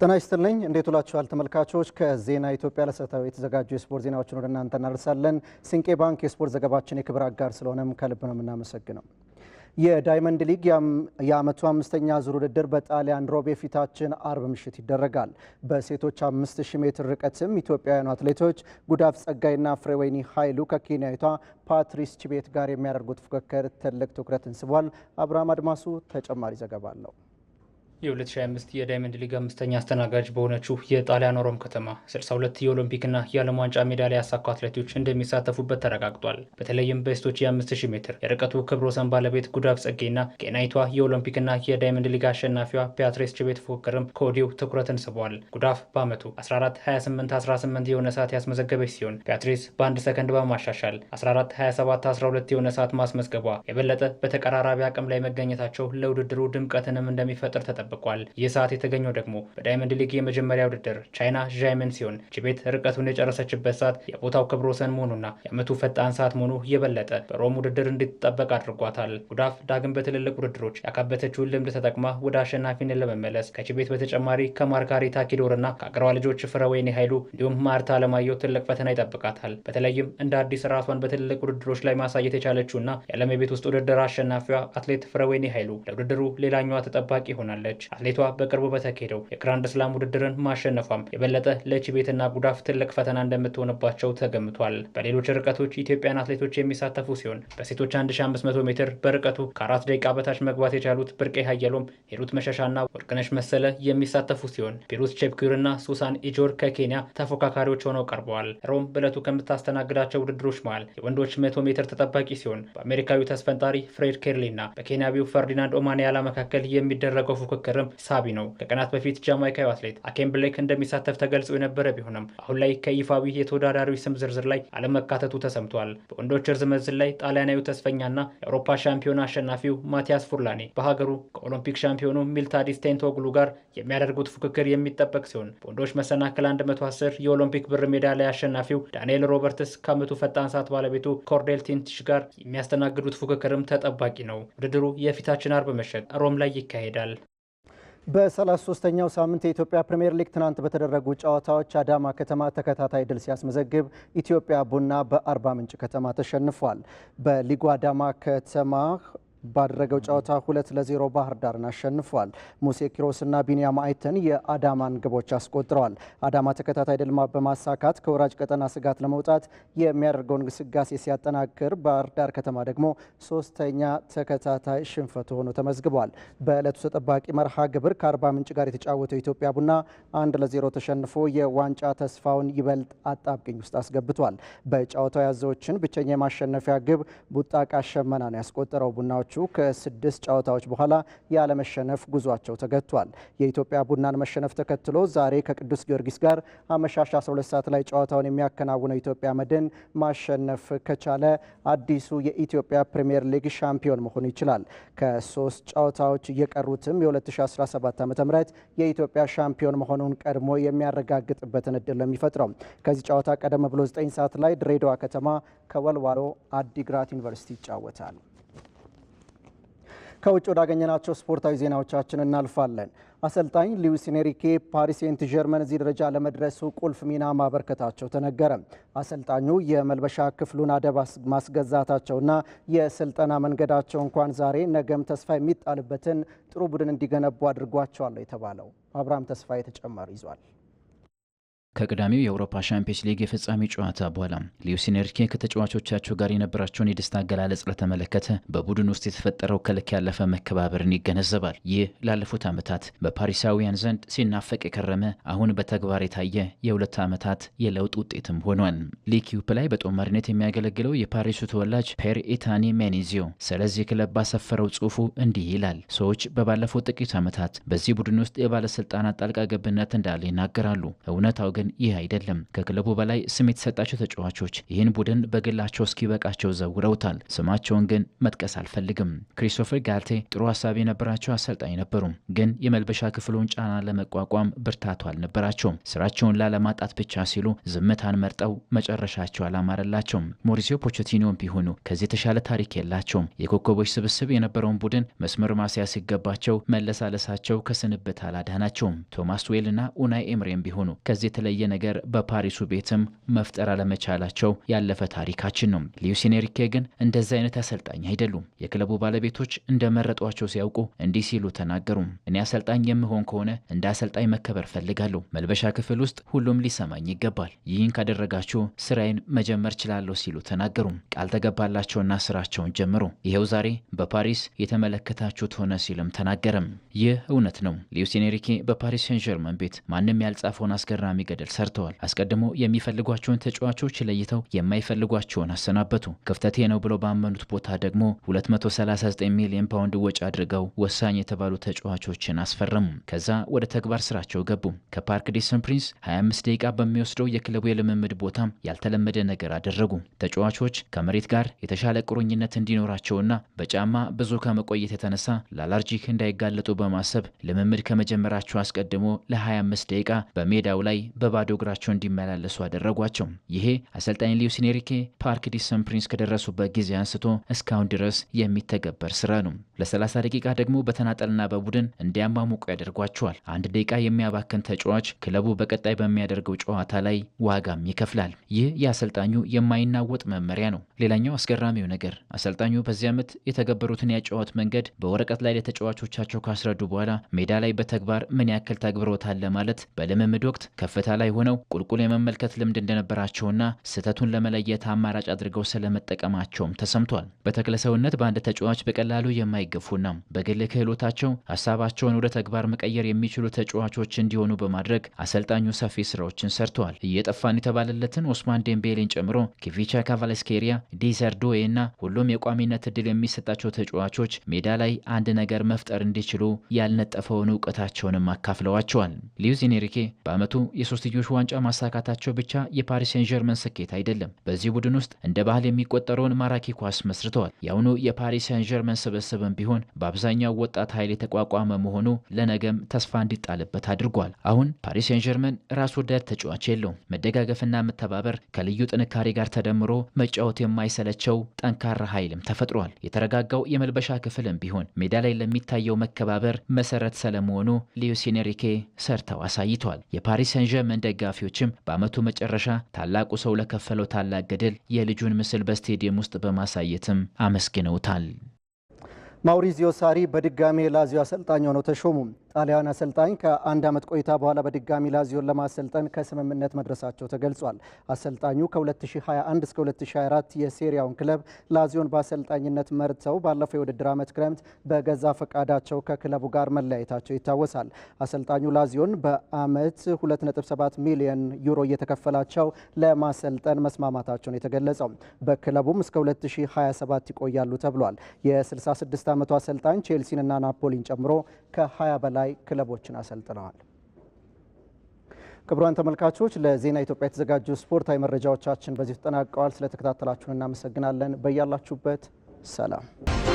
ጤና ይስጥልኝ። እንዴት ውላችኋል ተመልካቾች? ከዜና ኢትዮጵያ ለሰዓቱ የተዘጋጁ የስፖርት ዜናዎችን ወደ እናንተ እናደርሳለን። ሲንቄ ባንክ የስፖርት ዘገባችን የክብር አጋር ስለሆነም ከልብ ነው የምናመሰግነው። የዳይመንድ ሊግ የአመቱ አምስተኛ ዙር ውድድር በጣሊያን ሮቤ ፊታችን አርብ ምሽት ይደረጋል። በሴቶች 5000 ሜትር ርቀትም ኢትዮጵያውያኑ አትሌቶች ጉዳፍ ጸጋይና ፍሬወይኒ ኃይሉ ከኬንያዊቷ ፓትሪስ ችቤት ጋር የሚያደርጉት ፉክክር ትልቅ ትኩረትን ስቧል። አብርሃም አድማሱ ተጨማሪ ዘገባ አለው። የ2025 የዳይመንድ ሊግ አምስተኛ አስተናጋጅ በሆነችው የጣሊያን ሮም ከተማ 62 የኦሎምፒክና የዓለም ዋንጫ ሜዳሊያ ያሳኩ አትሌቶች እንደሚሳተፉበት ተረጋግጧል። በተለይም በሴቶች የ5000 ሜትር የርቀቱ ክብረ ወሰን ባለቤት ጉዳፍ ጸጌና ኬንያዊቷ የኦሎምፒክና የዳይመንድ ሊግ አሸናፊዋ ቢያትሬስ ችቤት ፉክክርም ከወዲሁ ትኩረትን ስቧል። ጉዳፍ በዓመቱ 142818 የሆነ ሰዓት ያስመዘገበች ሲሆን ቢያትሬስ በአንድ ሰከንድ በማሻሻል 12 የሆነ ሰዓት ማስመዝገቧ የበለጠ በተቀራራቢ አቅም ላይ መገኘታቸው ለውድድሩ ድምቀትንም እንደሚፈጥር ተጠ ተጠብቋል። ይህ ሰዓት የተገኘው ደግሞ በዳይመንድ ሊግ የመጀመሪያ ውድድር ቻይና ዣይመን ሲሆን ቺቤት ርቀቱን የጨረሰችበት ሰዓት የቦታው ክብረ ወሰን መሆኑና የዓመቱ ፈጣን ሰዓት መሆኑ የበለጠ በሮም ውድድር እንድትጠበቅ አድርጓታል። ጉዳፍ ዳግም በትልልቅ ውድድሮች ያካበተችውን ልምድ ተጠቅማ ወደ አሸናፊነት ለመመለስ ከቺቤት በተጨማሪ ከማርጋሪታ ኪዶርና ከአገሯ ልጆች ፍረወይኔ ኃይሉ እንዲሁም ማርታ አለማየሁ ትልቅ ፈተና ይጠብቃታል። በተለይም እንደ አዲስ ራሷን በትልልቅ ውድድሮች ላይ ማሳየት የቻለችውና የዓለም የቤት ውስጥ ውድድር አሸናፊዋ አትሌት ፍረወይኔ ኃይሉ ለውድድሩ ሌላኛዋ ተጠባቂ ይሆናለች። ነች። አትሌቷ በቅርቡ በተካሄደው የግራንድ ስላም ውድድርን ማሸነፏም የበለጠ ለቺቤትና ጉዳፍ ትልቅ ፈተና እንደምትሆንባቸው ተገምቷል። በሌሎች ርቀቶች ኢትዮጵያን አትሌቶች የሚሳተፉ ሲሆን በሴቶች 1500 ሜትር በርቀቱ ከአራት ደቂቃ በታች መግባት የቻሉት ብርቄ ሀየሎም፣ ሂሩት መሸሻና ወርቅነሽ መሰለ የሚሳተፉ ሲሆን ቢሩት ቼፕኪርና ሱሳን ኢጆር ከኬንያ ተፎካካሪዎች ሆነው ቀርበዋል። ሮም በዕለቱ ከምታስተናግዳቸው ውድድሮች መሃል የወንዶች መቶ ሜትር ተጠባቂ ሲሆን በአሜሪካዊ ተስፈንጣሪ ፍሬድ ኬርሊና በኬንያዊው ፈርዲናንድ ኦማንያላ መካከል የሚደረገው ፉክክል ፉክክርም ሳቢ ነው። ከቀናት በፊት ጃማይካዊ አትሌት አኬም ብሌክ እንደሚሳተፍ ተገልጾ የነበረ ቢሆንም አሁን ላይ ከይፋዊ የተወዳዳሪዎች ስም ዝርዝር ላይ አለመካተቱ ተሰምቷል። በወንዶች ርዝመት ዝላይ ጣሊያናዊ ተስፈኛና የአውሮፓ ሻምፒዮን አሸናፊው ማቲያስ ፉርላኔ በሀገሩ ከኦሎምፒክ ሻምፒዮኑ ሚልታዲስ ቴንቶግሉ ጋር የሚያደርጉት ፉክክር የሚጠበቅ ሲሆን በወንዶች መሰናክል 110 የኦሎምፒክ ብር ሜዳሊያ አሸናፊው ዳንኤል ሮበርትስ ከአመቱ ፈጣን ሰዓት ባለቤቱ ኮርዴል ቲንትሽ ጋር የሚያስተናግዱት ፉክክርም ተጠባቂ ነው። ውድድሩ የፊታችን አርብ መሸጥ ሮም ላይ ይካሄዳል። በ33ኛው ሳምንት የኢትዮጵያ ፕሪምየር ሊግ ትናንት በተደረጉ ጨዋታዎች አዳማ ከተማ ተከታታይ ድል ሲያስመዘግብ ኢትዮጵያ ቡና በአርባ ምንጭ ከተማ ተሸንፏል። በሊጉ አዳማ ከተማ ባደረገው ጨዋታ ሁለት ለዜሮ ባህር ዳርን አሸንፏል። ሙሴ ኪሮስና ቢኒያም አይተን የአዳማን ግቦች አስቆጥረዋል። አዳማ ተከታታይ ድል በማሳካት ከወራጅ ቀጠና ስጋት ለመውጣት የሚያደርገውን ግስጋሴ ሲያጠናክር፣ ባህር ዳር ከተማ ደግሞ ሶስተኛ ተከታታይ ሽንፈት ሆኖ ተመዝግቧል። በዕለቱ ተጠባቂ መርሃ ግብር ከአርባ ምንጭ ጋር የተጫወተው ኢትዮጵያ ቡና አንድ ለዜሮ ተሸንፎ የዋንጫ ተስፋውን ይበልጥ አጣብቅኝ ውስጥ አስገብቷል። በጨዋታው ያዘዎችን ብቸኛ የማሸነፊያ ግብ ቡጣቃ ሸመና ነው ያስቆጠረው ቡናዎች ከስድስት ጨዋታዎች በኋላ ያለመሸነፍ ጉዟቸው ተገቷል። የኢትዮጵያ ቡናን መሸነፍ ተከትሎ ዛሬ ከቅዱስ ጊዮርጊስ ጋር አመሻሽ 12 ሰዓት ላይ ጨዋታውን የሚያከናውነው ኢትዮጵያ መድን ማሸነፍ ከቻለ አዲሱ የኢትዮጵያ ፕሪምየር ሊግ ሻምፒዮን መሆን ይችላል። ከሶስት ጨዋታዎች እየቀሩትም የ2017 ዓ ም የኢትዮጵያ ሻምፒዮን መሆኑን ቀድሞ የሚያረጋግጥበትን እድል ነው ከዚህ ጨዋታ ቀደም ብሎ 9 ሰዓት ላይ ድሬዳዋ ከተማ ከወልዋሎ አዲግራት ዩኒቨርሲቲ ይጫወታል። ከውጭ ወዳገኘናቸው ስፖርታዊ ዜናዎቻችን እናልፋለን። አሰልጣኝ ሉዊስ ኤንሪኬ ፓሪስ ሴንት ጀርመን እዚህ ደረጃ ለመድረሱ ቁልፍ ሚና ማበርከታቸው ተነገረ። አሰልጣኙ የመልበሻ ክፍሉን አደብ ማስገዛታቸውና የስልጠና መንገዳቸው እንኳን ዛሬ ነገም ተስፋ የሚጣልበትን ጥሩ ቡድን እንዲገነቡ አድርጓቸዋል የተባለው አብርሃም ተስፋዬ ተጨማሪ ይዟል። ከቅዳሜው የአውሮፓ ሻምፒዮንስ ሊግ የፍጻሜ ጨዋታ በኋላ ሉዊስ ኤንሪኬ ከተጫዋቾቻቸው ጋር የነበራቸውን የደስታ አገላለጽ ለተመለከተ በቡድን ውስጥ የተፈጠረው ከልክ ያለፈ መከባበርን ይገነዘባል። ይህ ላለፉት ዓመታት በፓሪሳውያን ዘንድ ሲናፈቅ የከረመ አሁን በተግባር የታየ የሁለት ዓመታት የለውጥ ውጤትም ሆኗል። ሊኪዩፕ ላይ በጦማሪነት የሚያገለግለው የፓሪሱ ተወላጅ ፔር ኢታኒ ሜኒዚዮ ስለዚህ ክለብ ባሰፈረው ጽሑፉ እንዲህ ይላል። ሰዎች በባለፈው ጥቂት ዓመታት በዚህ ቡድን ውስጥ የባለሥልጣናት ጣልቃ ገብነት እንዳለ ይናገራሉ። እውነታው ግን ግን ይህ አይደለም። ከክለቡ በላይ ስም የተሰጣቸው ተጫዋቾች ይህን ቡድን በግላቸው እስኪበቃቸው ዘውረውታል። ስማቸውን ግን መጥቀስ አልፈልግም። ክሪስቶፈር ጋርቴ ጥሩ ሀሳብ የነበራቸው አሰልጣኝ ነበሩ፣ ግን የመልበሻ ክፍሉን ጫና ለመቋቋም ብርታቱ አልነበራቸውም። ስራቸውን ላለማጣት ብቻ ሲሉ ዝምታን መርጠው መጨረሻቸው አላማረላቸውም። ሞሪሲዮ ፖቼቲኖም ቢሆኑ ከዚህ የተሻለ ታሪክ የላቸውም። የኮከቦች ስብስብ የነበረውን ቡድን መስመር ማስያ ሲገባቸው መለሳለሳቸው ከስንብት አላዳናቸውም። ቶማስ እና ኡናይ ኤምሬም ቢሆኑ ከዚህ የተለየ ነገር በፓሪሱ ቤትም መፍጠር አለመቻላቸው ያለፈ ታሪካችን ነው። ሉዊስ ኤንሪኬ ግን እንደዚህ አይነት አሰልጣኝ አይደሉም። የክለቡ ባለቤቶች እንደመረጧቸው ሲያውቁ እንዲህ ሲሉ ተናገሩ። እኔ አሰልጣኝ የምሆን ከሆነ እንደ አሰልጣኝ መከበር ፈልጋለሁ። መልበሻ ክፍል ውስጥ ሁሉም ሊሰማኝ ይገባል። ይህን ካደረጋችሁ ስራዬን መጀመር ችላለሁ ሲሉ ተናገሩ። ቃል ተገባላቸውና ስራቸውን ጀምሩ። ይኸው ዛሬ በፓሪስ የተመለከታችሁት ሆነ ሲልም ተናገረም። ይህ እውነት ነው። ሉዊስ ኤንሪኬ በፓሪስ ሴን ጀርመን ቤት ማንም ያልጻፈውን አስገራሚ ገደል ሰርተዋል። አስቀድሞ የሚፈልጓቸውን ተጫዋቾች ለይተው የማይፈልጓቸውን አሰናበቱ። ክፍተቴ ነው ብለው ባመኑት ቦታ ደግሞ 239 ሚሊዮን ፓውንድ ወጪ አድርገው ወሳኝ የተባሉ ተጫዋቾችን አስፈረሙ። ከዛ ወደ ተግባር ስራቸው ገቡ። ከፓርክ ዴ ፕሪንስ 25 ደቂቃ በሚወስደው የክለቡ የልምምድ ቦታም ያልተለመደ ነገር አደረጉ። ተጫዋቾች ከመሬት ጋር የተሻለ ቁርኝነት እንዲኖራቸውና በጫማ ብዙ ከመቆየት የተነሳ ለአላርጂክ እንዳይጋለጡ በማሰብ ልምምድ ከመጀመራቸው አስቀድሞ ለ25 ደቂቃ በሜዳው ላይ በ በባዶ እግራቸው እንዲመላለሱ አደረጓቸው። ይሄ አሰልጣኝ ሊዩሲኔሪኬ ኤንሪኬ ፓርክ ዲሰን ፕሪንስ ከደረሱበት ጊዜ አንስቶ እስካሁን ድረስ የሚተገበር ስራ ነው። ለ30 ደቂቃ ደግሞ በተናጠልና በቡድን እንዲያማሙቁ ያደርጓቸዋል። አንድ ደቂቃ የሚያባክን ተጫዋች ክለቡ በቀጣይ በሚያደርገው ጨዋታ ላይ ዋጋም ይከፍላል። ይህ የአሰልጣኙ የማይናወጥ መመሪያ ነው። ሌላኛው አስገራሚው ነገር አሰልጣኙ በዚህ ዓመት የተገበሩትን ያጨዋወት መንገድ በወረቀት ላይ ለተጫዋቾቻቸው ካስረዱ በኋላ ሜዳ ላይ በተግባር ምን ያክል ተግብሮታል ለማለት በልምምድ ወቅት ከፍታ ላይ ሆነው ቁልቁል የመመልከት ልምድ እንደነበራቸውና ስህተቱን ለመለየት አማራጭ አድርገው ስለመጠቀማቸውም ተሰምቷል። በተክለሰውነት በአንድ ተጫዋች በቀላሉ የማይገፉና በግል ክህሎታቸው ሀሳባቸውን ወደ ተግባር መቀየር የሚችሉ ተጫዋቾች እንዲሆኑ በማድረግ አሰልጣኙ ሰፊ ስራዎችን ሰርተዋል። እየጠፋን የተባለለትን ኦስማን ዴምቤሌን ጨምሮ ኪቪቻ ካቫለስኬሪያ፣ ዲዘርዶዌ እና ሁሉም የቋሚነት እድል የሚሰጣቸው ተጫዋቾች ሜዳ ላይ አንድ ነገር መፍጠር እንዲችሉ ያልነጠፈውን እውቀታቸውንም አካፍለዋቸዋል። ሉዊስ የ በአመቱ የሶስት የሶስትዮሽ ዋንጫ ማሳካታቸው ብቻ የፓሪስ ሴን ጀርመን ስኬት አይደለም። በዚህ ቡድን ውስጥ እንደ ባህል የሚቆጠረውን ማራኪ ኳስ መስርተዋል። የአሁኑ የፓሪስ ሴን ጀርመን ስብስብም ቢሆን በአብዛኛው ወጣት ኃይል የተቋቋመ መሆኑ ለነገም ተስፋ እንዲጣልበት አድርጓል። አሁን ፓሪስ ሴን ጀርመን ራስ ወዳድ ተጫዋች የለውም። መደጋገፍና መተባበር ከልዩ ጥንካሬ ጋር ተደምሮ መጫወት የማይሰለቸው ጠንካራ ኃይልም ተፈጥሯል። የተረጋጋው የመልበሻ ክፍልም ቢሆን ሜዳ ላይ ለሚታየው መከባበር መሰረት ስለመሆኑ ሊዩሲን ሪኬ ሰርተው አሳይቷል። የፓሪስ ሰንጀርመን የጀርመን ደጋፊዎችም በዓመቱ መጨረሻ ታላቁ ሰው ለከፈለው ታላቅ ገድል የልጁን ምስል በስቴዲየም ውስጥ በማሳየትም አመስግነውታል። ማውሪዚዮ ሳሪ በድጋሜ ላዚዮ አሰልጣኝ ሆነው ተሾሙ። ጣሊያን አሰልጣኝ ከአንድ ዓመት ቆይታ በኋላ በድጋሚ ላዚዮን ለማሰልጠን ከስምምነት መድረሳቸው ተገልጿል። አሰልጣኙ ከ2021 እስከ 2024 የሴሪያውን ክለብ ላዚዮን በአሰልጣኝነት መርተው ባለፈው የውድድር ዓመት ክረምት በገዛ ፈቃዳቸው ከክለቡ ጋር መለያየታቸው ይታወሳል። አሰልጣኙ ላዚዮን በዓመት 2.7 ሚሊዮን ዩሮ እየተከፈላቸው ለማሰልጠን መስማማታቸውን የተገለጸው በክለቡም እስከ 2027 ይቆያሉ ተብሏል። የ66 ዓመቱ አሰልጣኝ ቼልሲንና ናፖሊን ጨምሮ ከ20 በላይ ላይ ክለቦችን አሰልጥነዋል። ክቡራን ተመልካቾች ለዜና ኢትዮጵያ የተዘጋጁ ስፖርታዊ መረጃዎቻችን በዚህ ተጠናቀዋል። ስለተከታተላችሁን እናመሰግናለን። በያላችሁበት ሰላም